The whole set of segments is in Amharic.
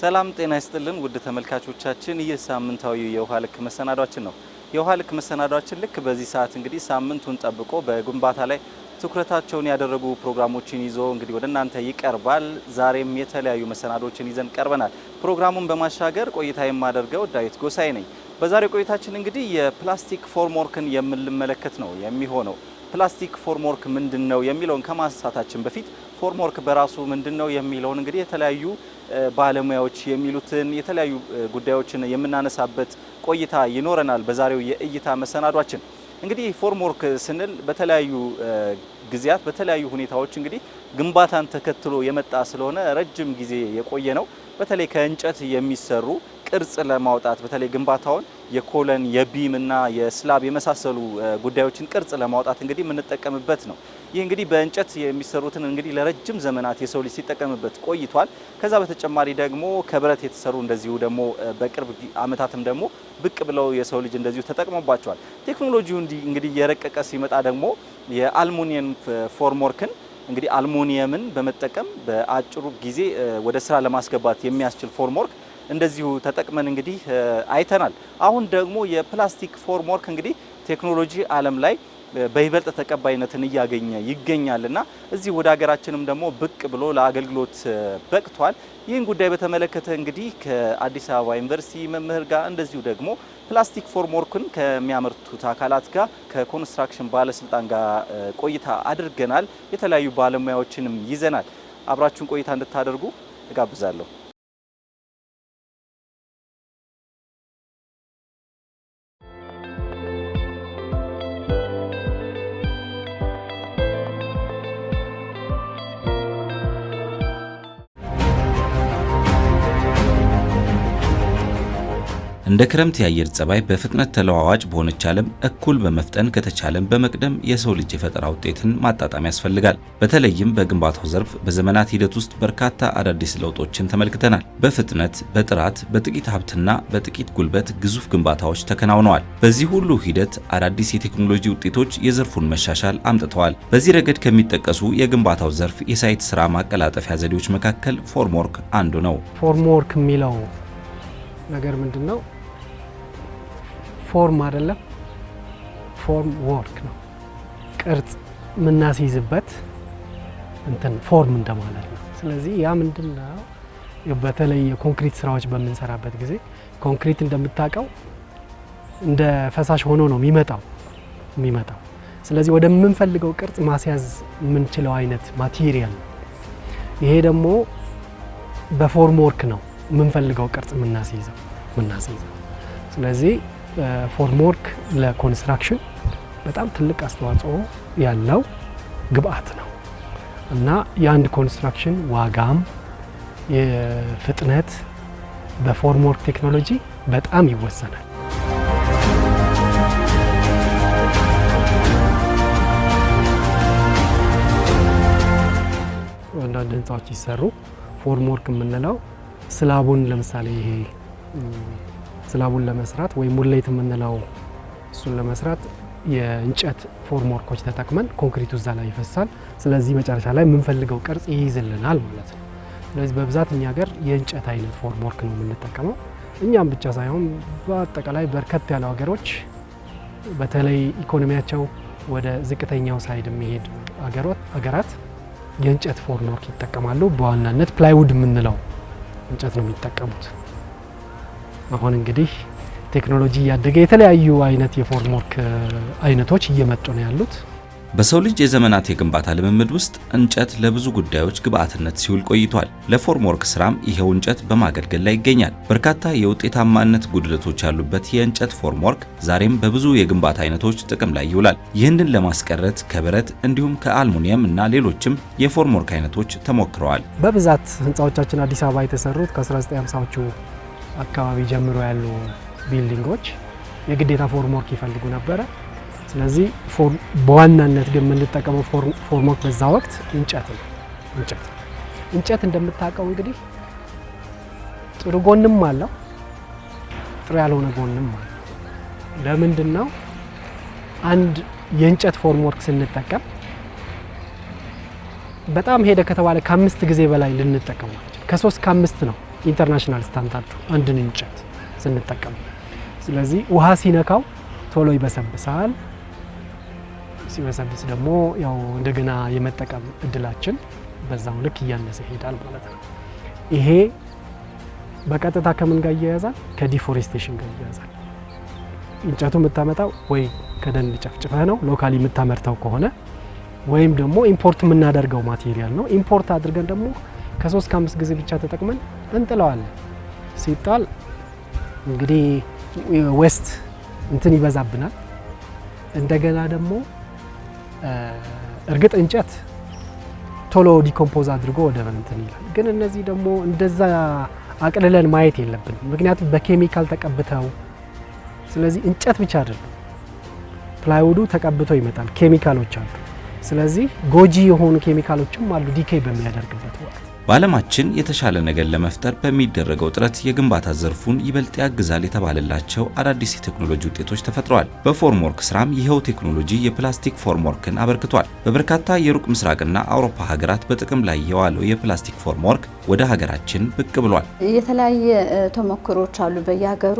ሰላም ጤና ይስጥልን ውድ ተመልካቾቻችን፣ ይህ ሳምንታዊ የውሃ ልክ መሰናዷችን ነው። የውሃ ልክ መሰናዷችን ልክ በዚህ ሰዓት እንግዲህ ሳምንቱን ጠብቆ በግንባታ ላይ ትኩረታቸውን ያደረጉ ፕሮግራሞችን ይዞ እንግዲህ ወደ እናንተ ይቀርባል። ዛሬም የተለያዩ መሰናዶችን ይዘን ቀርበናል። ፕሮግራሙን በማሻገር ቆይታ የማደርገው ዳዊት ጎሳይ ነኝ። በዛሬው ቆይታችን እንግዲህ የፕላስቲክ ፎርምወርክን የምንመለከት ነው የሚሆነው ፕላስቲክ ፎርምወርክ ምንድን ነው የሚለውን ከማንሳታችን በፊት ፎርም በራሱ ምንድን ነው የሚለውን እንግዲህ የተለያዩ ባለሙያዎች የሚሉትን የተለያዩ ጉዳዮችን የምናነሳበት ቆይታ ይኖረናል በዛሬው የእይታ መሰናዷችን። እንግዲህ ፎርም ስንል በተለያዩ ጊዜያት በተለያዩ ሁኔታዎች እንግዲህ ግንባታን ተከትሎ የመጣ ስለሆነ ረጅም ጊዜ የቆየ ነው። በተለይ ከእንጨት የሚሰሩ ቅርጽ ለማውጣት በተለይ ግንባታውን የኮለን የቢም እና የስላብ የመሳሰሉ ጉዳዮችን ቅርጽ ለማውጣት እንግዲህ የምንጠቀምበት ነው። ይህ እንግዲህ በእንጨት የሚሰሩትን እንግዲህ ለረጅም ዘመናት የሰው ልጅ ሲጠቀምበት ቆይቷል። ከዛ በተጨማሪ ደግሞ ከብረት የተሰሩ እንደዚሁ ደግሞ በቅርብ ዓመታትም ደግሞ ብቅ ብለው የሰው ልጅ እንደዚሁ ተጠቅሞባቸዋል። ቴክኖሎጂው እንግዲህ የረቀቀ ሲመጣ ደግሞ የአልሙኒየም ፎርምወርክን እንግዲህ አልሙኒየምን በመጠቀም በአጭሩ ጊዜ ወደ ስራ ለማስገባት የሚያስችል ፎርምወርክ እንደዚሁ ተጠቅመን እንግዲህ አይተናል። አሁን ደግሞ የፕላስቲክ ፎርም ወርክ እንግዲህ ቴክኖሎጂ ዓለም ላይ በይበልጥ ተቀባይነትን እያገኘ ይገኛል እና እዚህ ወደ ሀገራችንም ደግሞ ብቅ ብሎ ለአገልግሎት በቅቷል። ይህን ጉዳይ በተመለከተ እንግዲህ ከአዲስ አበባ ዩኒቨርሲቲ መምህር ጋር እንደዚሁ ደግሞ ፕላስቲክ ፎርም ከሚያመርቱት አካላት ጋር ከኮንስትራክሽን ባለስልጣን ጋር ቆይታ አድርገናል። የተለያዩ ባለሙያዎችንም ይዘናል። አብራችሁን ቆይታ እንድታደርጉ እጋብዛለሁ። እንደ ክረምት የአየር ጸባይ በፍጥነት ተለዋዋጭ በሆነች ዓለም እኩል በመፍጠን ከተቻለም በመቅደም የሰው ልጅ የፈጠራ ውጤትን ማጣጣም ያስፈልጋል። በተለይም በግንባታው ዘርፍ በዘመናት ሂደት ውስጥ በርካታ አዳዲስ ለውጦችን ተመልክተናል። በፍጥነት፣ በጥራት፣ በጥቂት ሀብትና በጥቂት ጉልበት ግዙፍ ግንባታዎች ተከናውነዋል። በዚህ ሁሉ ሂደት አዳዲስ የቴክኖሎጂ ውጤቶች የዘርፉን መሻሻል አምጥተዋል። በዚህ ረገድ ከሚጠቀሱ የግንባታው ዘርፍ የሳይት ስራ ማቀላጠፊያ ዘዴዎች መካከል ፎርምወርክ አንዱ ነው። ፎርምወርክ የሚለው ነገር ምንድን ነው? ፎርም አይደለም፣ ፎርም ወርክ ነው። ቅርጽ የምናስይዝበት እንትን ፎርም እንደማለት ነው። ስለዚህ ያ ምንድን ነው በተለይ የኮንክሪት ስራዎች በምንሰራበት ጊዜ ኮንክሪት እንደምታውቀው እንደ ፈሳሽ ሆኖ ነው የሚመጣው የሚመጣው ስለዚህ ወደምንፈልገው ቅርጽ ማስያዝ የምንችለው አይነት ማቴሪያል ነው። ይሄ ደግሞ በፎርም ወርክ ነው የምንፈልገው ቅርጽ የምናስይዘው የምናስይዘው ስለዚህ ፎርምወርክ ወርክ ለኮንስትራክሽን በጣም ትልቅ አስተዋጽኦ ያለው ግብአት ነው እና የአንድ ኮንስትራክሽን ዋጋም የፍጥነት በፎርም ቴክኖሎጂ በጣም ይወሰናል። አንዳንድ ህንፃዎች ሲሰሩ ፎርም የምንለው ስላቡን ለምሳሌ ይሄ ስላቡን ለመስራት ወይም ሙሌት የምንለው እሱን ለመስራት የእንጨት ፎርም ወርኮች ተጠቅመን ኮንክሪቱ እዛ ላይ ይፈሳል። ስለዚህ መጨረሻ ላይ የምንፈልገው ቅርጽ ይይዝልናል ማለት ነው። ስለዚህ በብዛት እኛ ሀገር የእንጨት አይነት ፎርም ወርክ ነው የምንጠቀመው። እኛም ብቻ ሳይሆን በአጠቃላይ በርከት ያሉ ሀገሮች በተለይ ኢኮኖሚያቸው ወደ ዝቅተኛው ሳይድ የሚሄድ ሀገራት የእንጨት ፎርም ወርክ ይጠቀማሉ። በዋናነት ፕላይውድ የምንለው እንጨት ነው የሚጠቀሙት። አሁን እንግዲህ ቴክኖሎጂ እያደገ የተለያዩ አይነት የፎርም አይነቶች እየመጡ ነው ያሉት። በሰው ልጅ የዘመናት የግንባታ ልምምድ ውስጥ እንጨት ለብዙ ጉዳዮች ግብአትነት ሲውል ቆይቷል። ለፎርም ስራም ይሄው እንጨት በማገልገል ላይ ይገኛል። በርካታ የውጤታማነት ጉድለቶች ያሉበት የእንጨት ፎርም ዛሬም በብዙ የግንባታ አይነቶች ጥቅም ላይ ይውላል። ይህንን ለማስቀረት ከብረት እንዲሁም ከአልሙኒየም እና ሌሎችም የፎርም አይነቶች ተሞክረዋል። በብዛት ህንፃዎቻችን አዲስ አበባ የተሰሩት ከ1950ዎቹ አካባቢ ጀምሮ ያሉ ቢልዲንጎች የግዴታ ፎርም ወርክ ይፈልጉ ነበረ። ስለዚህ በዋናነት ግን የምንጠቀመው ፎርም ወርክ በዛ ወቅት እንጨት ነው። እንጨት እንጨት እንደምታውቀው እንግዲህ ጥሩ ጎንም አለው፣ ጥሩ ያልሆነ ጎንም አለው። ለምንድን ነው አንድ የእንጨት ፎርም ወርክ ስንጠቀም በጣም ሄደ ከተባለ ከአምስት ጊዜ በላይ ልንጠቀማቸው ከሶስት ከአምስት ነው ኢንተርናሽናል ስታንዳርዱ አንድን እንጨት ስንጠቀም፣ ስለዚህ ውሃ ሲነካው ቶሎ ይበሰብሳል። ሲበሰብስ ደግሞ ያው እንደገና የመጠቀም እድላችን በዛው ልክ እያነሰ ይሄዳል ማለት ነው። ይሄ በቀጥታ ከምን ጋር እያያዛል? ከዲፎሬስቴሽን ጋር እያያዛል። እንጨቱ የምታመጣው ወይ ከደን ጨፍጭፈህ ነው ሎካሊ የምታመርተው ከሆነ ወይም ደግሞ ኢምፖርት የምናደርገው ማቴሪያል ነው። ኢምፖርት አድርገን ደግሞ ከሶስት ከአምስት ጊዜ ብቻ ተጠቅመን እንጥለዋለን። ሲጣል እንግዲህ ዌስት እንትን ይበዛብናል። እንደገና ደግሞ እርግጥ እንጨት ቶሎ ዲኮምፖዝ አድርጎ ወደ እንትን ይላል። ግን እነዚህ ደግሞ እንደዛ አቅልለን ማየት የለብንም፣ ምክንያቱም በኬሚካል ተቀብተው። ስለዚህ እንጨት ብቻ አይደለም ፕላይውዱ ተቀብቶ ይመጣል፣ ኬሚካሎች አሉ። ስለዚህ ጎጂ የሆኑ ኬሚካሎችም አሉ ዲኬ በሚያደርግበት ወቅት በዓለማችን የተሻለ ነገር ለመፍጠር በሚደረገው ጥረት የግንባታ ዘርፉን ይበልጥ ያግዛል የተባለላቸው አዳዲስ የቴክኖሎጂ ውጤቶች ተፈጥረዋል። በፎርምወርክ ስራም ይኸው ቴክኖሎጂ የፕላስቲክ ፎርምወርክን አበርክቷል። በበርካታ የሩቅ ምስራቅና አውሮፓ ሀገራት በጥቅም ላይ የዋለው የፕላስቲክ ፎርምወርክ ወደ ሀገራችን ብቅ ብሏል። የተለያየ ተሞክሮች አሉ በየሀገሩ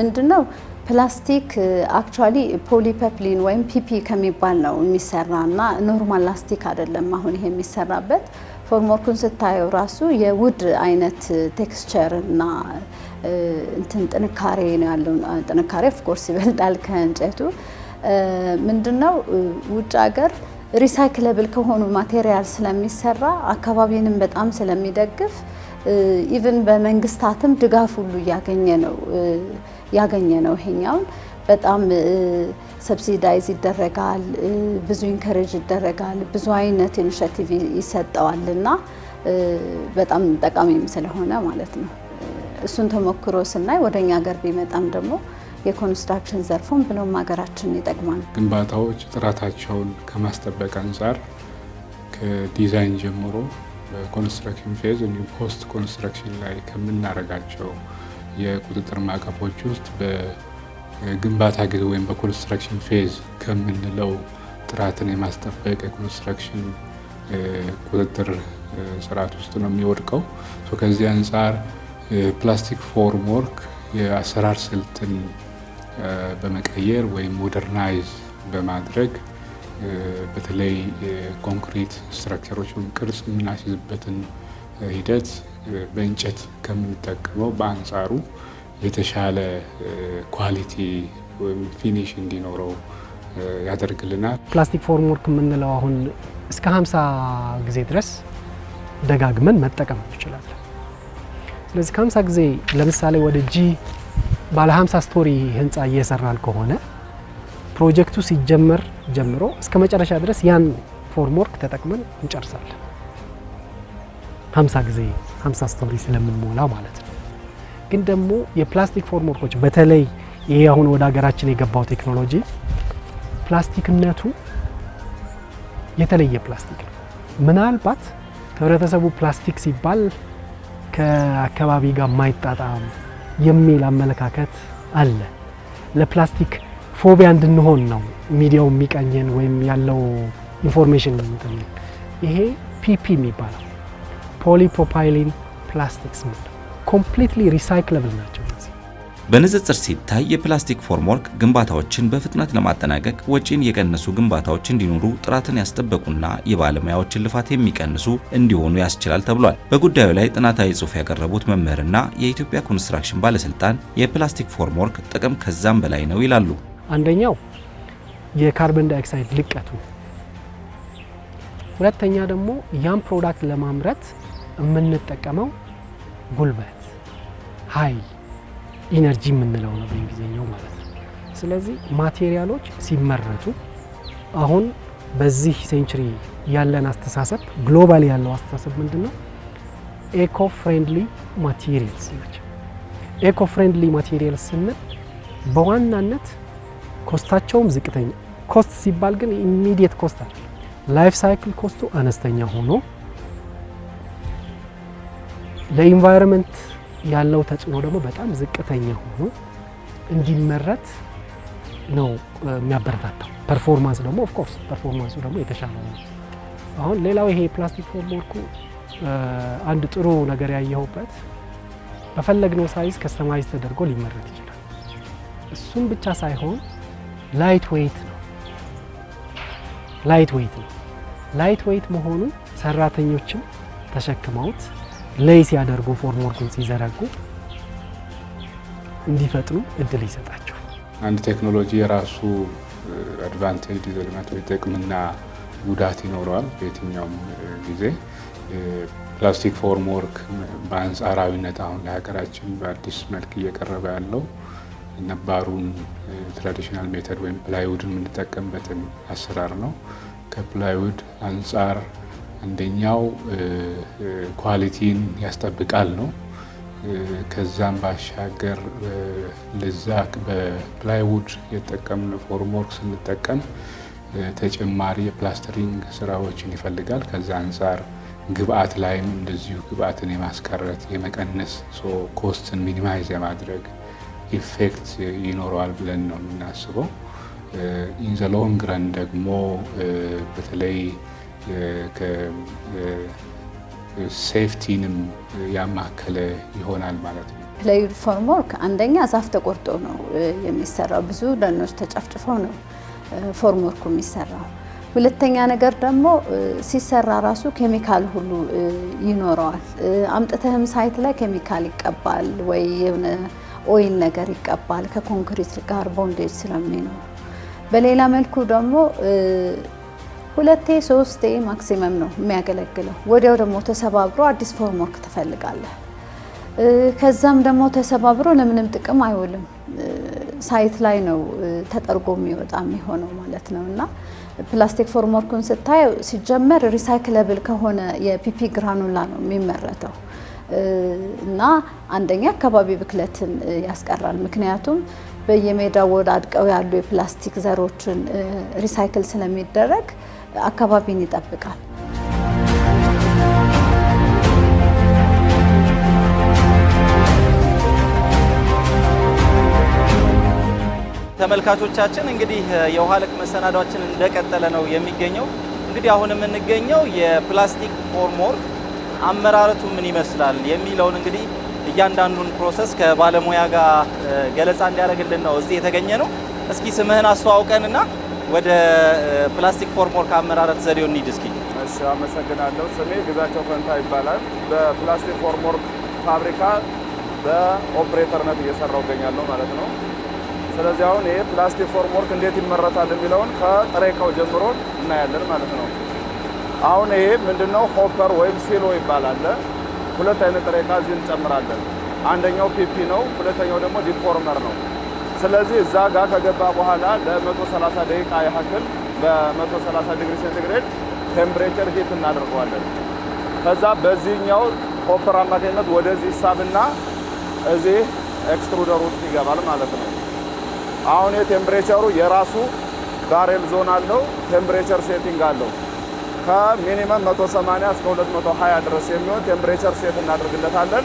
ምንድነው ፕላስቲክ አክቹዋሊ ፖሊፐፕሊን ወይም ፒፒ ከሚባል ነው የሚሰራ እና ኖርማል ላስቲክ አይደለም አሁን ይሄ የሚሰራበት ፎርምወርኩን ስታየው ራሱ የውድ አይነት ቴክስቸር እና እንትን ጥንካሬ ነው ያለው። ጥንካሬ ኦፍኮርስ ይበልጣል ከእንጨቱ። ምንድነው ውጭ ሀገር ሪሳይክለብል ከሆኑ ማቴሪያል ስለሚሰራ አካባቢንም በጣም ስለሚደግፍ ኢቨን በመንግስታትም ድጋፍ ሁሉ እያገኘ ነው ያገኘ ነው ይሄኛውን በጣም ሰብሲዳይዝ ይደረጋል፣ ብዙ ኢንከሬጅ ይደረጋል፣ ብዙ አይነት ኢኒሽቲቭ ይሰጠዋል እና በጣም ጠቃሚም ስለሆነ ማለት ነው። እሱን ተሞክሮ ስናይ ወደ እኛ ሀገር ቢመጣም ደግሞ የኮንስትራክሽን ዘርፉን ብሎም ሀገራችንን ይጠቅማል። ግንባታዎች ጥራታቸውን ከማስጠበቅ አንጻር ከዲዛይን ጀምሮ በኮንስትራክሽን ፌዝ እንዲሁም ፖስት ኮንስትራክሽን ላይ ከምናደርጋቸው የቁጥጥር ማዕቀፎች ውስጥ ግንባታ ጊዜ ወይም በኮንስትራክሽን ፌዝ ከምንለው ጥራትን የማስጠበቅ የኮንስትራክሽን ቁጥጥር ስርዓት ውስጥ ነው የሚወድቀው። ከዚህ አንጻር ፕላስቲክ ፎርም ወርክ የአሰራር ስልትን በመቀየር ወይም ሞደርናይዝ በማድረግ በተለይ ኮንክሪት ስትራክቸሮችን ቅርጽ የምናስይዝበትን ሂደት በእንጨት ከምንጠቀመው በአንጻሩ የተሻለ ኳሊቲ ወይም ፊኒሽ እንዲኖረው ያደርግልናል። ፕላስቲክ ፎርም ወርክ የምንለው አሁን እስከ 50 ጊዜ ድረስ ደጋግመን መጠቀም ይችላል። ስለዚህ ከ50 ጊዜ ለምሳሌ ወደ ጂ ባለ 50 ስቶሪ ህንፃ እየሰራን ከሆነ ፕሮጀክቱ ሲጀመር ጀምሮ እስከ መጨረሻ ድረስ ያን ፎርምወርክ ተጠቅመን እንጨርሳለን። 50 ጊዜ 50 ስቶሪ ስለምንሞላ ማለት ነው። ግን ደግሞ የፕላስቲክ ፎርም በተለይ ይሄ አሁን ወደ ሀገራችን የገባው ቴክኖሎጂ ፕላስቲክነቱ የተለየ ፕላስቲክ ነው። ምናልባት ህብረተሰቡ ፕላስቲክ ሲባል ከአካባቢ ጋር ማይጣጣም የሚል አመለካከት አለ። ለፕላስቲክ ፎቢያ እንድንሆን ነው ሚዲያው የሚቀኝን ወይም ያለው ኢንፎርሜሽን። ይሄ ፒፒ የሚባለው ፖሊፕሮፓይሊን ፕላስቲክስ ምንድነው? ኮምፕሊትሊ ሪሳይክለብል ናቸው። በንጽጽር ሲታይ የፕላስቲክ ፎርምወርክ ግንባታዎችን በፍጥነት ለማጠናቀቅ ወጪን የቀነሱ ግንባታዎች እንዲኖሩ ጥራትን ያስጠበቁና የባለሙያዎችን ልፋት የሚቀንሱ እንዲሆኑ ያስችላል ተብሏል። በጉዳዩ ላይ ጥናታዊ ጽሑፍ ያቀረቡት መምህርና የኢትዮጵያ ኮንስትራክሽን ባለስልጣን የፕላስቲክ ፎርምወርክ ጥቅም ከዛም በላይ ነው ይላሉ። አንደኛው የካርበን ዳይኦክሳይድ ልቀቱ፣ ሁለተኛ ደግሞ ያም ፕሮዳክት ለማምረት የምንጠቀመው ጉልበት፣ ኃይል፣ ኢነርጂ የምንለው ነው በእንግሊዝኛው ማለት ነው። ስለዚህ ማቴሪያሎች ሲመረቱ አሁን በዚህ ሴንቸሪ ያለን አስተሳሰብ ግሎባል ያለው አስተሳሰብ ምንድን ነው? ኤኮ ፍሬንድሊ ማቴሪያልስ ናቸው። ኤኮ ፍሬንድሊ ማቴሪያልስ ስንል በዋናነት ኮስታቸውም ዝቅተኛ ኮስት ሲባል ግን ኢሚዲየት ኮስት አለ ላይፍ ሳይክል ኮስቱ አነስተኛ ሆኖ ለኢንቫይሮንመንት ያለው ተጽዕኖ ደግሞ በጣም ዝቅተኛ ሆኖ እንዲመረት ነው የሚያበረታታው። ፐርፎርማንስ ደግሞ ኦፍኮርስ ፐርፎርማንሱ ደግሞ የተሻለ ነው። አሁን ሌላው ይሄ የፕላስቲክ ፎርምወርኩ አንድ ጥሩ ነገር ያየሁበት በፈለግነው ሳይዝ ከስተማይዝ ተደርጎ ሊመረት ይችላል። እሱም ብቻ ሳይሆን ላይት ዌይት ነው። ላይት ዌይት ነው። ላይት ዌይት መሆኑ ሰራተኞችም ተሸክመውት ለይ ሲያደርጉ ፎርምወርኩን ሲዘረጉ እንዲፈጥኑ እድል ይሰጣቸው። አንድ ቴክኖሎጂ የራሱ አድቫንቴጅ ይዞ ልማት ጥቅምና ጉዳት ይኖረዋል። በየትኛውም ጊዜ ፕላስቲክ ፎርምወርክ በአንጻራዊነት አሁን ለሀገራችን በአዲስ መልክ እየቀረበ ያለው ነባሩን ትራዲሽናል ሜተድ ወይም ፕላይውድን የምንጠቀምበትን አሰራር ነው። ከፕላይውድ አንጻር አንደኛው ኳሊቲን ያስጠብቃል ነው። ከዛም ባሻገር ለዛ በፕላይውድ የጠቀምን ፎርምወርክ ስንጠቀም ተጨማሪ የፕላስተሪንግ ስራዎችን ይፈልጋል። ከዛ አንጻር ግብአት ላይም እንደዚሁ ግብአትን የማስቀረት የመቀነስ፣ ኮስትን ሚኒማይዝ የማድረግ ኢፌክት ይኖረዋል ብለን ነው የምናስበው። ኢን ሎንግ ረን ደግሞ በተለይ ሴፍቲንም ያማከለ ይሆናል ማለት ነው። ለዩኒፎርም ወርክ አንደኛ ዛፍ ተቆርጦ ነው የሚሰራው። ብዙ ደኖች ተጨፍጭፈው ነው ፎርም ወርኩ የሚሰራው። ሁለተኛ ነገር ደግሞ ሲሰራ ራሱ ኬሚካል ሁሉ ይኖረዋል። አምጥተህም ሳይት ላይ ኬሚካል ይቀባል ወይ የሆነ ኦይል ነገር ይቀባል ከኮንክሪት ጋር ቦንዴጅ ስለሚኖር በሌላ መልኩ ደግሞ ሁለቴ ሶስቴ ማክሲመም ነው የሚያገለግለው። ወዲያው ደግሞ ተሰባብሮ አዲስ ፎርምወርክ ትፈልጋለህ። ከዛም ደግሞ ተሰባብሮ ለምንም ጥቅም አይውልም። ሳይት ላይ ነው ተጠርጎ የሚወጣ የሚሆነው ማለት ነው። እና ፕላስቲክ ፎርምወርኩን ስታይ ሲጀመር ሪሳይክለብል ከሆነ የፒፒ ግራኑላ ነው የሚመረተው እና አንደኛ አካባቢ ብክለትን ያስቀራል። ምክንያቱም በየሜዳው ወዳድቀው ያሉ የፕላስቲክ ዘሮችን ሪሳይክል ስለሚደረግ አካባቢን ይጠብቃል። ተመልካቾቻችን እንግዲህ የውሃ ልክ መሰናዷችን እንደቀጠለ ነው የሚገኘው። እንግዲህ አሁን የምንገኘው የፕላስቲክ ፎርሞር አመራረቱ ምን ይመስላል የሚለውን እንግዲህ እያንዳንዱን ፕሮሰስ ከባለሙያ ጋር ገለጻ እንዲያደርግልን ነው እዚህ የተገኘ ነው። እስኪ ስምህን አስተዋውቀንና ወደ ፕላስቲክ ፎርም ወርክ አመራረት ዘዴው እንሂድ እስኪ። እሺ፣ አመሰግናለሁ። ስሜ ግዛቸው ፈንታ ይባላል። በፕላስቲክ ፎርም ፋብሪካ በኦፕሬተርነት እየሰራው እገኛለሁ ማለት ነው። ስለዚህ አሁን ይሄ ፕላስቲክ ፎርምወርክ እንዴት ይመረታል የሚለውን ከጥሬ እቃው ጀምሮ እናያለን ማለት ነው። አሁን ይሄ ምንድነው? ሆፐር ወይም ሲሎ ይባላል። ሁለት አይነት ጥሬ እቃ እዚህ እንጨምራለን። አንደኛው ፒፒ ነው፣ ሁለተኛው ደግሞ ዲፎርመር ነው። ስለዚህ እዛ ጋር ከገባ በኋላ ለ130 ደቂቃ ያህል በ130 ዲግሪ ሴንቲግሬድ ቴምፕሬቸር ሂት እናደርገዋለን። ከዛ በዚህኛው ሆፐር አማካኝነት ወደዚህ ሳብና እዚህ ኤክስትሩደር ውስጥ ይገባል ማለት ነው። አሁን የቴምፕሬቸሩ የራሱ ባሬል ዞን አለው፣ ቴምፕሬቸር ሴቲንግ አለው። ከሚኒመም 180 እስከ 220 ድረስ የሚሆን ቴምፕሬቸር ሴት እናደርግለታለን።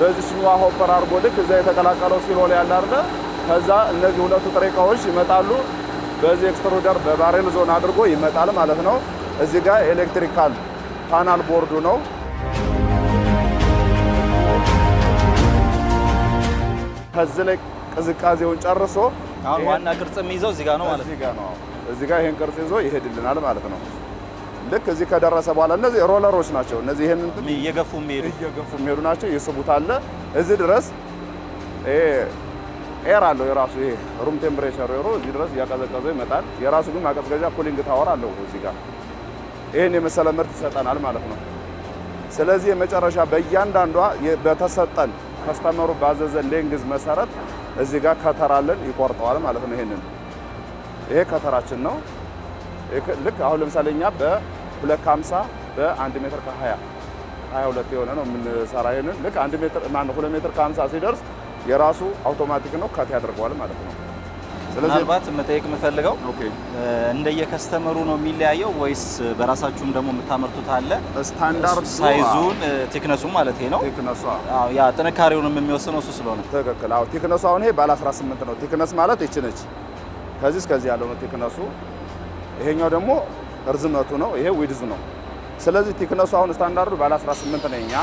በዚችኛዋ ሆፐር አድርጎ ልክ እዛ የተቀላቀለው ሲሎ ላይ ያለ ከዛ እነዚህ ሁለቱ ጥሬ እቃዎች ይመጣሉ። በዚህ ኤክስትሩደር በባሬል ዞን አድርጎ ይመጣል ማለት ነው። እዚህ ጋር ኤሌክትሪካል ፓናል ቦርዱ ነው። ከዚህ ላይ ቅዝቃዜውን ጨርሶ አሁን ዋና ቅርጽ የሚይዘው እዚህ ጋር ነው ማለት ነው። እዚህ ጋር ይህን ቅርጽ ይዞ ይሄድልናል ማለት ነው። ልክ እዚህ ከደረሰ በኋላ እነዚህ ሮለሮች ናቸው። እነዚህ ይህን እየገፉ የሚሄዱ ናቸው። ይስቡት አለ እዚህ ድረስ ኤር አለው የራሱ ይሄ ሩም ቴምፕሬቸር ሮ እዚህ ድረስ እያቀዘቀዘ ይመጣል። የራሱ ግን ማቀዝቀዣ ኩሊንግ ታወር አለው እዚህ ጋር ይህን የመሰለ ምርት ይሰጠናል ማለት ነው። ስለዚህ የመጨረሻ በእያንዳንዷ በተሰጠን ከስተመሩ ባዘዘን ሌንግዝ መሰረት እዚህ ጋር ከተራለን ይቆርጠዋል ማለት ነው። ይሄንን ይሄ ከተራችን ነው። ልክ አሁን ለምሳሌ እኛ በ250 በ1 ሜትር ከ20 22 የሆነ ነው የምንሰራ ይሄንን ልክ 1 ሜትር ማነው 2 ሜትር ከ50 ሲደርስ የራሱ አውቶማቲክ ነው ካት ያደርገዋል ማለት ነው። ምናልባት መጠየቅ የምፈልገው እንደየከስተመሩ ነው የሚለያየው ወይስ በራሳችሁም ደግሞ የምታመርቱት አለ? ስታንዳርድ ሳይዙን ቴክነሱ ማለት ነው። ቴክነሱ አዎ፣ ያ ጥንካሬውንም የሚወስነው እሱ ስለሆነ ትክክል። አዎ፣ ቴክነሱ አሁን ይሄ ባለ 18 ነው። ቴክነስ ማለት ይች ነች። ከዚህ እስከዚህ ያለው ነው ቴክነሱ። ይሄኛው ደግሞ እርዝመቱ ነው። ይሄ ዊድዙ ነው። ስለዚህ ቴክነሱ አሁን ስታንዳርዱ ባለ 18 ነው የኛ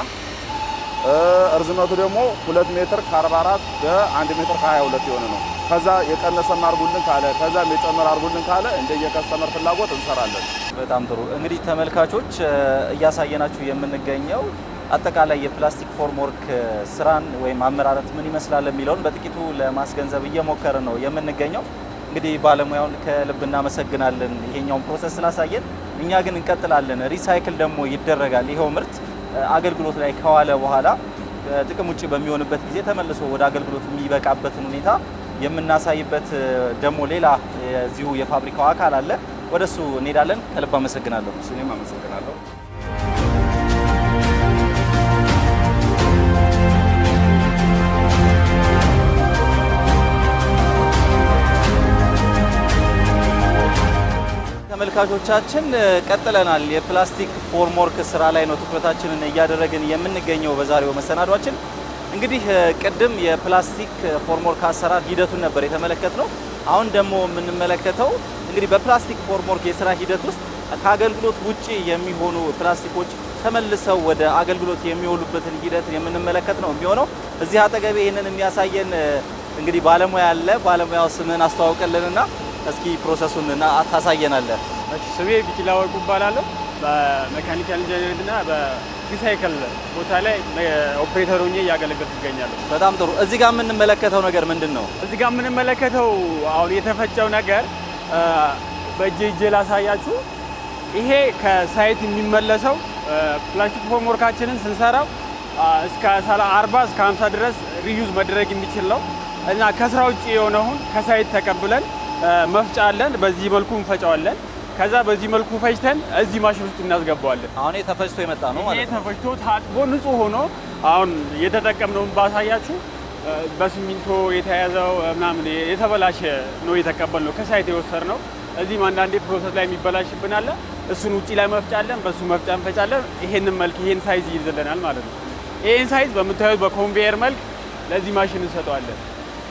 እርዝመቱ ደግሞ 2 ሜትር ከ44 በ1 ሜትር ከ22 የሆነ ነው። ከዛ የቀነሰም አርጉልን ካለ ከዛ የጨመር አርጉልን ካለ እንደ የከስተመር ፍላጎት እንሰራለን። በጣም ጥሩ። እንግዲህ ተመልካቾች እያሳየናችሁ የምንገኘው አጠቃላይ የፕላስቲክ ፎርም ስራን ወይም አመራረት ምን ይመስላል የሚለውን በጥቂቱ ለማስገንዘብ እየሞከረ ነው የምንገኘው። እንግዲህ ባለሙያውን ከልብ እናመሰግናለን። ይሄኛውን ፕሮሰስ ስላሳየን፣ እኛ ግን እንቀጥላለን። ሪሳይክል ደግሞ ይደረጋል ይኸው ምርት አገልግሎት ላይ ከዋለ በኋላ ጥቅም ውጭ በሚሆንበት ጊዜ ተመልሶ ወደ አገልግሎት የሚበቃበትን ሁኔታ የምናሳይበት ደግሞ ሌላ እዚሁ የፋብሪካው አካል አለ። ወደሱ እንሄዳለን። ከልብ አመሰግናለሁ። እኔም አመሰግናለሁ። ተመልካቾቻችን ቀጥለናል። የፕላስቲክ ፎርምወርክ ስራ ላይ ነው ትኩረታችንን እያደረግን የምንገኘው በዛሬው መሰናዷችን። እንግዲህ ቅድም የፕላስቲክ ፎርምወርክ አሰራር ሂደቱን ነበር የተመለከትነው። አሁን ደግሞ የምንመለከተው እንግዲህ በፕላስቲክ ፎርምወርክ የስራ ሂደት ውስጥ ከአገልግሎት ውጪ የሚሆኑ ፕላስቲኮች ተመልሰው ወደ አገልግሎት የሚውሉበትን ሂደት የምንመለከት ነው የሚሆነው። እዚህ አጠገቤ ይህንን የሚያሳየን እንግዲህ ባለሙያ አለ። ባለሙያው ስምን አስተዋውቅልንና እስኪ ፕሮሰሱን እና ታሳየናለህ። ስሜ ቢቂላ ወርቁ እባላለሁ። በመካኒካል ኢንጂነሪንግ እና በሪሳይክል ቦታ ላይ ኦፕሬተር ሆኜ እያገለገልኩ እገኛለሁ። በጣም ጥሩ። እዚህ ጋር የምንመለከተው ነገር ምንድን ነው? እዚህ ጋር የምንመለከተው አሁን የተፈጨው ነገር በእጄ እጄ ላሳያችሁ። ይሄ ከሳይት የሚመለሰው ፕላስቲክ ፎርምወርካችንን ስንሰራው እስከ 40 እስከ 50 ድረስ ሪዩዝ መድረግ የሚችል ነው እና ከስራ ውጭ የሆነውን ከሳይት ተቀብለን መፍጫ አለን። በዚህ መልኩ እንፈጫዋለን። ከዛ በዚህ መልኩ ፈጭተን እዚህ ማሽን ውስጥ እናስገባዋለን። አሁን ተፈጭቶ የመጣ ነው ማለት ነው። ተፈጭቶ ታጥቦ ንጹህ ሆኖ አሁን የተጠቀምነውን ባሳያችሁ በሲሚንቶ የተያዘው ምናምን የተበላሸ ነው የተቀበልነው፣ ከሳይት የወሰድ ነው። እዚህም አንዳንዴ ፕሮሰስ ላይ የሚበላሽብን አለ። እሱን ውጪ ላይ መፍጫለን፣ በሱ መፍጫ እንፈጫለን። ይሄንን መልክ ይሄን ሳይዝ ይይዝልናል ማለት ነው። ይሄን ሳይዝ በምታዩት በኮንቬየር መልክ ለዚህ ማሽን እንሰጠዋለን።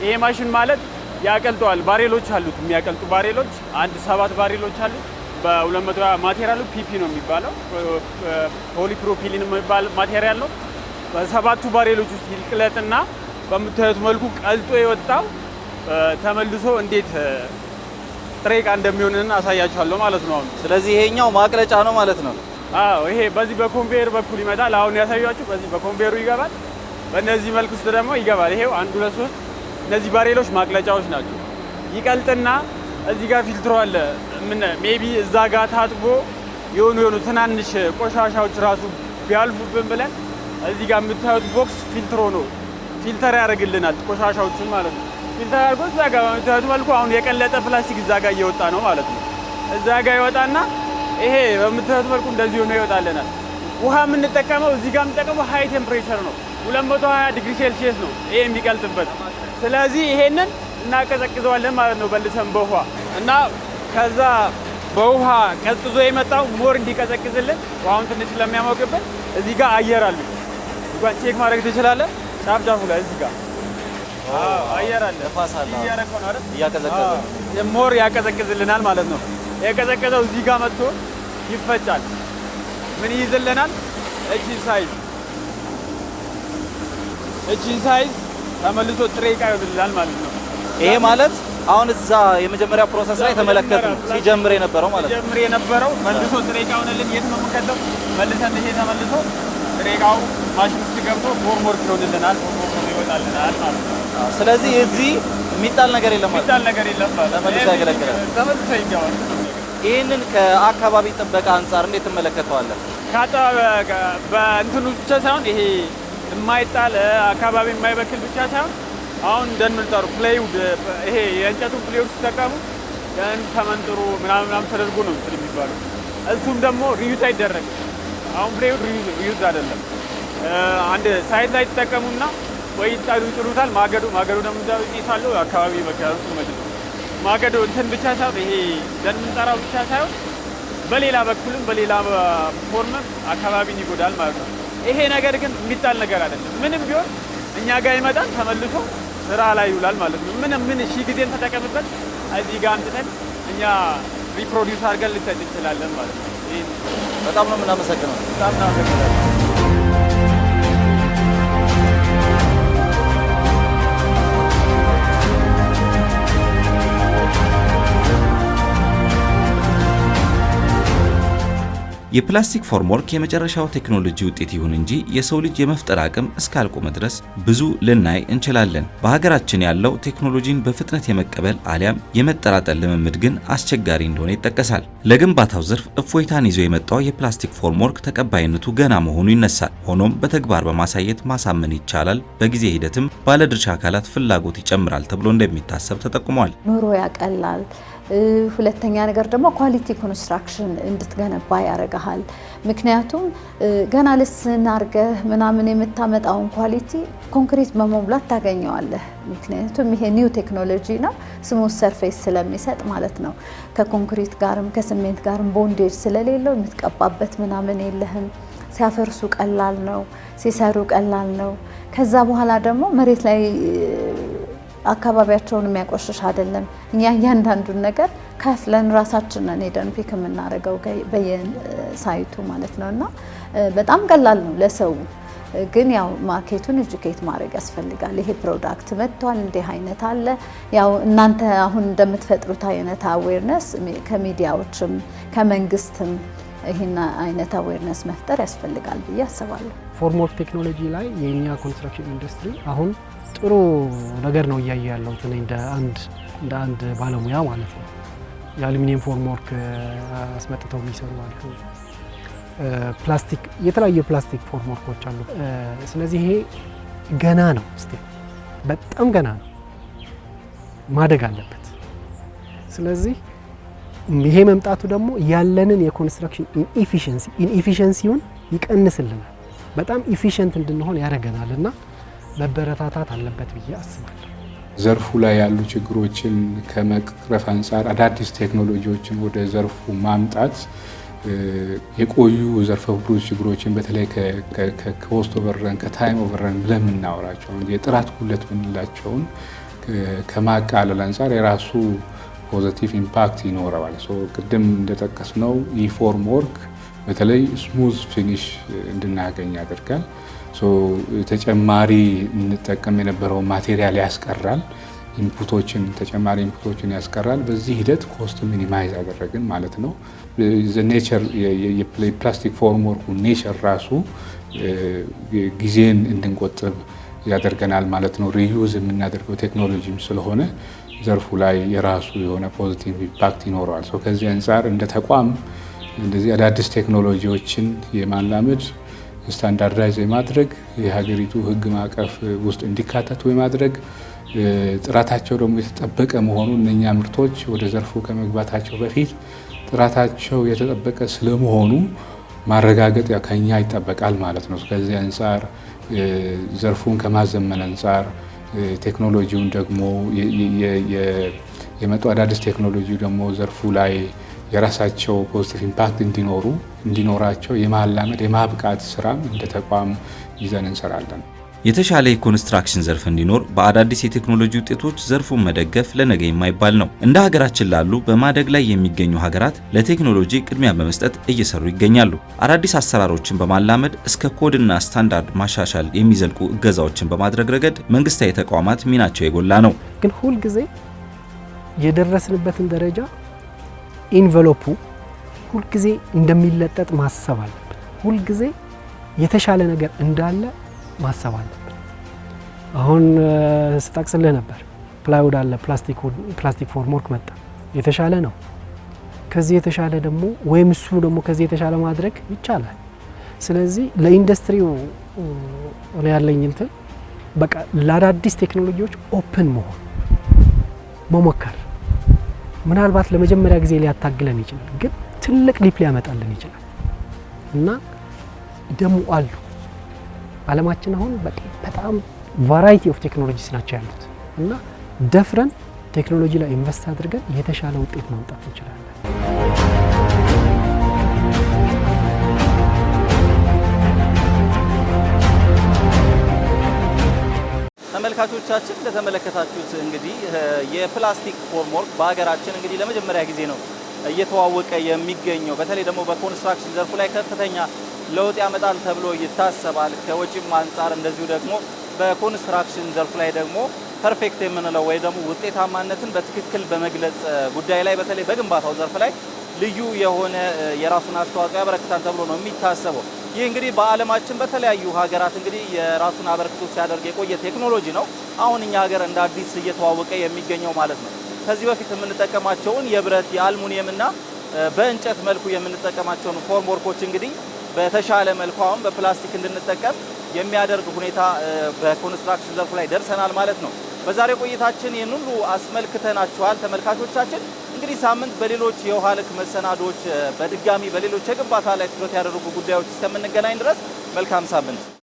ይሄ ማሽን ማለት ያቀልጠዋል። ባሬሎች አሉት የሚያቀልጡ ባሬሎች አንድ ሰባት ባሬሎች አሉት። በ200 ማቴሪያሉ ፒፒ ነው የሚባለው፣ ፖሊፕሮፒሊን የሚባል ማቴሪያል ነው። በሰባቱ ባሬሎች ውስጥ ይቅለጥና በምታዩት መልኩ ቀልጦ የወጣው ተመልሶ እንዴት ጥሬ ዕቃ እንደሚሆንን አሳያችኋለሁ ማለት ነው። አሁን ስለዚህ ይሄኛው ማቅለጫ ነው ማለት ነው። አዎ ይሄ በዚህ በኮንቬየር በኩል ይመጣል። አሁን ያሳያችሁ በዚህ በኮንቬየሩ ይገባል። በእነዚህ መልክ ውስጥ ደግሞ ይገባል። ይሄው አንዱ ለሶስት እነዚህ ባሬሎች ማቅለጫዎች ናቸው። ይቀልጥና እዚህ ጋር ፊልትሮ አለ። ምን ሜቢ እዛ ጋር ታጥቦ የሆኑ የሆኑ ትናንሽ ቆሻሻዎች ራሱ ቢያልፉብን ብለን እዚህ ጋር የምታዩት ቦክስ ፊልትሮ ነው። ፊልተር ያደርግልናል ቆሻሻዎችን ማለት ነው። ፊልተር አድርጎ እዛ ጋር በምታዩት መልኩ አሁን የቀለጠ ፕላስቲክ እዛ ጋር እየወጣ ነው ማለት ነው። እዛ ጋር ይወጣና ይሄ በምታዩት መልኩ እንደዚህ ሆኖ ይወጣልናል። ውሃ የምንጠቀመው እዚህ ጋር የምንጠቀመው ሀይ ቴምፕሬቸር ነው። 220 ዲግሪ ሴልሲየስ ነው ይሄ የሚቀልጥበት ስለዚህ ይሄንን እናቀዘቅዘዋለን ማለት ነው በልሰን በውሃ እና ከዛ በውሃ ቀዝቅዞ የመጣው ሞር እንዲቀዘቅዝልን ውሃውን ትንሽ ስለሚያሞቅብን እዚህ ጋር አየር አለ። እንኳን ቼክ ማድረግ ትችላለህ። ጫፍ ጫፉ ላይ እዚህ ጋር አየር አለ። ሞር ያቀዘቅዝልናል ማለት ነው። የቀዘቀዘው እዚህ ጋር መጥቶ ይፈጫል። ምን ይይዝልናል? እቺን ሳይዝ እቺን ሳይዝ ተመልሶ ጥሬ ዕቃ ይሆንልናል ማለት ነው። ይሄ ማለት አሁን እዛ የመጀመሪያ ፕሮሰስ ላይ ተመለከት ሲጀምር የነበረው ማለት ነው። ሲጀምር የነበረው መልሶ ጥሬ ዕቃ ሆነልን። የት ነው የምንከተው? መልሰን ይሄ ተመልሶ ጥሬ ዕቃው ማሽን ውስጥ ገብቶ ፎርም ወርክ ይሆንልናል፣ ፎርም ይወጣልናል ማለት ነው። ስለዚህ እዚህ የሚጣል ነገር የለም ማለት የሚጣል ነገር የለም ማለት ተመልሶ ያገለግላል። ተመልሶ ይገባል። ይህንን ከአካባቢ ጥበቃ አንጻር እንዴት ትመለከተዋለን? ከአጠባበቅ በእንትኑ ብቻ ሳይሆን ይሄ የማይጣል አካባቢ የማይበክል ብቻ ሳይሆን አሁን እንደምንጠሩ ፕሌይውድ ይሄ የእንጨቱን ፕሌይውድ ሲጠቀሙ ያን ተመንጥሮ ምናምን ምናምን ተደርጎ ነው እንትን የሚባሉ እሱም ደግሞ ሪዩዝ አይደረግም። አሁን ፕሌይውድ ሪዩዝ አይደለም። አንድ ሳይት ላይ ተጠቀሙና ወይ ጣዱ ይጥሩታል። ማገዶ ማገዶ ደግሞ ዛ ይጤሳለሁ አካባቢ መጋሩ እሱ መጭ ማገዶ እንትን ብቻ ሳይሆን ይሄ እንደምንጠራው ብቻ ሳይሆን በሌላ በኩልም በሌላ ፎርምም አካባቢን ይጎዳል ማለት ነው። ይሄ ነገር ግን የሚጣል ነገር አይደለም። ምንም ቢሆን እኛ ጋር ይመጣል ተመልሶ ስራ ላይ ይውላል ማለት ነው። ምን ምን ሺህ ጊዜን ተጠቀምበት እዚህ ጋር አምጥተን እኛ ሪፕሮዲውስ አድርገን ልንሰጥ እንችላለን ማለት ነው። በጣም ነው የምናመሰግነው። በጣም እናመሰግናለን። የፕላስቲክ ፎርምወርክ የመጨረሻው ቴክኖሎጂ ውጤት ይሁን እንጂ የሰው ልጅ የመፍጠር አቅም እስካልቆመ ድረስ ብዙ ልናይ እንችላለን። በሀገራችን ያለው ቴክኖሎጂን በፍጥነት የመቀበል አሊያም የመጠራጠር ልምምድ ግን አስቸጋሪ እንደሆነ ይጠቀሳል። ለግንባታው ዘርፍ እፎይታን ይዞ የመጣው የፕላስቲክ ፎርምወርክ ተቀባይነቱ ገና መሆኑ ይነሳል። ሆኖም በተግባር በማሳየት ማሳመን ይቻላል። በጊዜ ሂደትም ባለድርሻ አካላት ፍላጎት ይጨምራል ተብሎ እንደሚታሰብ ተጠቁሟል። ኑሮ ያቀላል ሁለተኛ ነገር ደግሞ ኳሊቲ ኮንስትራክሽን እንድትገነባ ያደርግሃል። ምክንያቱም ገና ልስን አርገህ ምናምን የምታመጣውን ኳሊቲ ኮንክሪት በመሙላት ታገኘዋለህ። ምክንያቱም ይሄ ኒው ቴክኖሎጂ ነው፣ ስሙዝ ሰርፌስ ስለሚሰጥ ማለት ነው። ከኮንክሪት ጋርም ከስሜንት ጋርም ቦንዴጅ ስለሌለው የምትቀባበት ምናምን የለህም። ሲያፈርሱ ቀላል ነው፣ ሲሰሩ ቀላል ነው። ከዛ በኋላ ደግሞ መሬት ላይ አካባቢያቸውን የሚያቆሽሽ አይደለም። እኛ እያንዳንዱን ነገር ከፍለን ራሳችንን ሄደን ፒክ የምናደርገው በየሳይቱ ማለት ነው እና በጣም ቀላል ነው ለሰው ግን ያው ማርኬቱን ኤጁኬት ማድረግ ያስፈልጋል። ይሄ ፕሮዳክት መጥቷል፣ እንዲህ አይነት አለ። ያው እናንተ አሁን እንደምትፈጥሩት አይነት አዌርነስ ከሚዲያዎችም ከመንግስትም ይህን አይነት አዌርነስ መፍጠር ያስፈልጋል ብዬ አስባለሁ። ፎርሞል ቴክኖሎጂ ላይ የእኛ ኮንስትራክሽን ኢንዱስትሪ አሁን ጥሩ ነገር ነው እያየ ያለሁት እኔ እንደ አንድ እንደ አንድ ባለሙያ ማለት ነው። የአሉሚኒየም ፎርምወርክ አስመጥተው የሚሰሩ አሉ። ፕላስቲክ የተለያዩ ፕላስቲክ ፎርምወርኮች አሉ። ስለዚህ ይሄ ገና ነው እስቲ በጣም ገና ነው፣ ማደግ አለበት። ስለዚህ ይሄ መምጣቱ ደግሞ ያለንን የኮንስትራክሽን ኢንኢፊሽንሲ ኢንኢፊሽንሲውን ይቀንስልናል፣ በጣም ኢፊሽንት እንድንሆን ያደርገናል እና መበረታታት አለበት ብዬ አስባለሁ። ዘርፉ ላይ ያሉ ችግሮችን ከመቅረፍ አንጻር አዳዲስ ቴክኖሎጂዎችን ወደ ዘርፉ ማምጣት የቆዩ ዘርፈ ብዙ ችግሮችን በተለይ ከኮስት ኦቨረን ከታይም ኦቨረን ብለን የምናወራቸውን የጥራት ጉለት ምንላቸውን ከማቃለል አንጻር የራሱ ፖዘቲቭ ኢምፓክት ይኖረዋል። ቅድም ነው ኢፎርም ወርክ በተለይ ስሙዝ ፊኒሽ እንድናገኝ ያደርጋል። ተጨማሪ እንጠቀም የነበረው ማቴሪያል ያስቀራል። ኢንፑቶችን ተጨማሪ ኢንፑቶችን ያስቀራል። በዚህ ሂደት ኮስት ሚኒማይዝ አደረግን ማለት ነው። ኔቸር የፕላስቲክ ፎርም ወርኩ ኔቸር ራሱ ጊዜን እንድንቆጥብ ያደርገናል ማለት ነው። ሪዩዝ የምናደርገው ቴክኖሎጂም ስለሆነ ዘርፉ ላይ የራሱ የሆነ ፖዚቲቭ ኢምፓክት ይኖረዋል። ከዚህ አንጻር እንደ ተቋም እንደዚህ አዳዲስ ቴክኖሎጂዎችን የማላመድ ስታንዳርዳይዝ የማድረግ የሀገሪቱ ህግ ማዕቀፍ ውስጥ እንዲካተቱ የማድረግ ጥራታቸው ደግሞ የተጠበቀ መሆኑ እነኛ ምርቶች ወደ ዘርፉ ከመግባታቸው በፊት ጥራታቸው የተጠበቀ ስለመሆኑ ማረጋገጥ ከኛ ይጠበቃል ማለት ነው። ከዚህ አንጻር ዘርፉን ከማዘመን አንጻር ቴክኖሎጂውን ደግሞ የመጡ አዳዲስ ቴክኖሎጂ ደግሞ ዘርፉ ላይ የራሳቸው ፖዚቲቭ ኢምፓክት እንዲኖሩ እንዲኖራቸው የማላመድ የማብቃት ስራም እንደ ተቋም ይዘን እንሰራለን። የተሻለ የኮንስትራክሽን ዘርፍ እንዲኖር በአዳዲስ የቴክኖሎጂ ውጤቶች ዘርፉን መደገፍ ለነገ የማይባል ነው። እንደ ሀገራችን ላሉ በማደግ ላይ የሚገኙ ሀገራት ለቴክኖሎጂ ቅድሚያ በመስጠት እየሰሩ ይገኛሉ። አዳዲስ አሰራሮችን በማላመድ እስከ ኮድና ስታንዳርድ ማሻሻል የሚዘልቁ እገዛዎችን በማድረግ ረገድ መንግስታዊ ተቋማት ሚናቸው የጎላ ነው። ግን ሁልጊዜ የደረስንበትን ደረጃ ኢንቨሎፑ ሁልጊዜ እንደሚለጠጥ ማሰብ አለብን። ሁልጊዜ የተሻለ ነገር እንዳለ ማሰብ አለብን። አሁን ስጠቅስልህ ነበር ፕላይውድ አለ፣ ፕላስቲክ ፎርም መጣ፣ የተሻለ ነው። ከዚህ የተሻለ ደግሞ ወይም እሱ ደግሞ ከዚህ የተሻለ ማድረግ ይቻላል። ስለዚህ ለኢንዱስትሪው እኔ ያለኝ እንትን በቃ ለአዳዲስ ቴክኖሎጂዎች ኦፕን መሆን መሞከር ምናልባት ለመጀመሪያ ጊዜ ሊያታግለን ይችላል፣ ግን ትልቅ ሊፕ ሊያመጣልን ይችላል እና ደሞ አሉ አለማችን አሁን በጣም ቫራይቲ ኦፍ ቴክኖሎጂስ ናቸው ያሉት እና ደፍረን ቴክኖሎጂ ላይ ኢንቨስት አድርገን የተሻለ ውጤት ማምጣት እንችላለን። ተመልካቾቻችን እንደተመለከታችሁት እንግዲህ የፕላስቲክ ፎርምወርክ በሀገራችን እንግዲህ ለመጀመሪያ ጊዜ ነው እየተዋወቀ የሚገኘው። በተለይ ደግሞ በኮንስትራክሽን ዘርፉ ላይ ከፍተኛ ለውጥ ያመጣል ተብሎ ይታሰባል። ከወጪም አንጻር እንደዚሁ ደግሞ በኮንስትራክሽን ዘርፉ ላይ ደግሞ ፐርፌክት የምንለው ወይ ደግሞ ውጤታማነትን በትክክል በመግለጽ ጉዳይ ላይ በተለይ በግንባታው ዘርፍ ላይ ልዩ የሆነ የራሱን አስተዋጽኦ ያበረክታል ተብሎ ነው የሚታሰበው። ይህ እንግዲህ በዓለማችን በተለያዩ ሀገራት እንግዲህ የራሱን አበርክቶ ሲያደርግ የቆየ ቴክኖሎጂ ነው። አሁን እኛ ሀገር እንደ አዲስ እየተዋወቀ የሚገኘው ማለት ነው። ከዚህ በፊት የምንጠቀማቸውን የብረት የአልሙኒየም እና በእንጨት መልኩ የምንጠቀማቸውን ፎርም እንግዲህ በተሻለ መልኩ አሁን በፕላስቲክ እንድንጠቀም የሚያደርግ ሁኔታ በኮንስትራክሽን ዘርፉ ላይ ደርሰናል ማለት ነው። በዛሬ ቆይታችን ይህን ሁሉ አስመልክተናችኋል ተመልካቾቻችን። እንግዲህ ሳምንት በሌሎች የውሃ ልክ መሰናዶች በድጋሚ በሌሎች የግንባታ ላይ ትኩረት ያደረጉ ጉዳዮች እስከምንገናኝ ድረስ መልካም ሳምንት